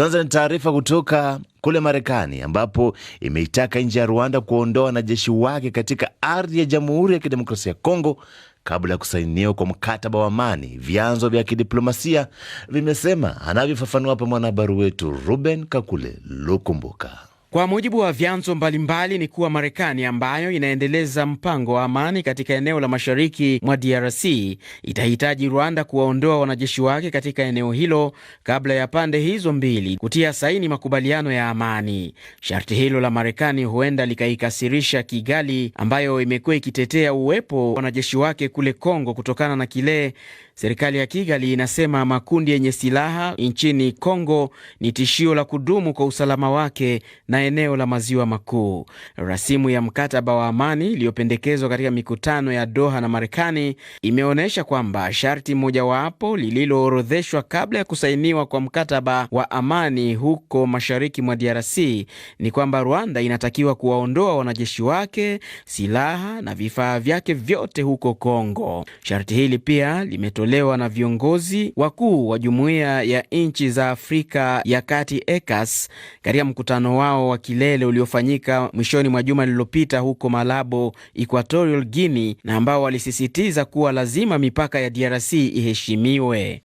Tuanze na taarifa kutoka kule Marekani ambapo imeitaka nchi ya Rwanda kuondoa wanajeshi wake katika ardhi ya Jamhuri ya Kidemokrasia ya Kongo kabla ya kusainiwa kwa mkataba wa amani, vyanzo vya kidiplomasia vimesema, anavyofafanua hapa mwanahabari wetu Ruben Kakule Lukumbuka. Kwa mujibu wa vyanzo mbalimbali ni kuwa Marekani ambayo inaendeleza mpango wa amani katika eneo la mashariki mwa DRC itahitaji Rwanda kuwaondoa wanajeshi wake katika eneo hilo kabla ya pande hizo mbili kutia saini makubaliano ya amani. Sharti hilo la Marekani huenda likaikasirisha Kigali ambayo imekuwa ikitetea uwepo wa wanajeshi wake kule Kongo kutokana na kile Serikali ya Kigali inasema makundi yenye silaha nchini Kongo ni tishio la kudumu kwa usalama wake na eneo la maziwa makuu. Rasimu ya mkataba wa amani iliyopendekezwa katika mikutano ya Doha na Marekani imeonyesha kwamba sharti mojawapo lililoorodheshwa kabla ya kusainiwa kwa mkataba wa amani huko mashariki mwa DRC ni kwamba Rwanda inatakiwa kuwaondoa wanajeshi wake, silaha na vifaa vyake vyote huko Kongo. Sharti hili pia limetolewa yametolewa na viongozi wakuu wa jumuiya ya nchi za Afrika ya Kati ECAS katika mkutano wao wa kilele uliofanyika mwishoni mwa juma lililopita huko Malabo, Equatorial Guinea, na ambao walisisitiza kuwa lazima mipaka ya DRC iheshimiwe.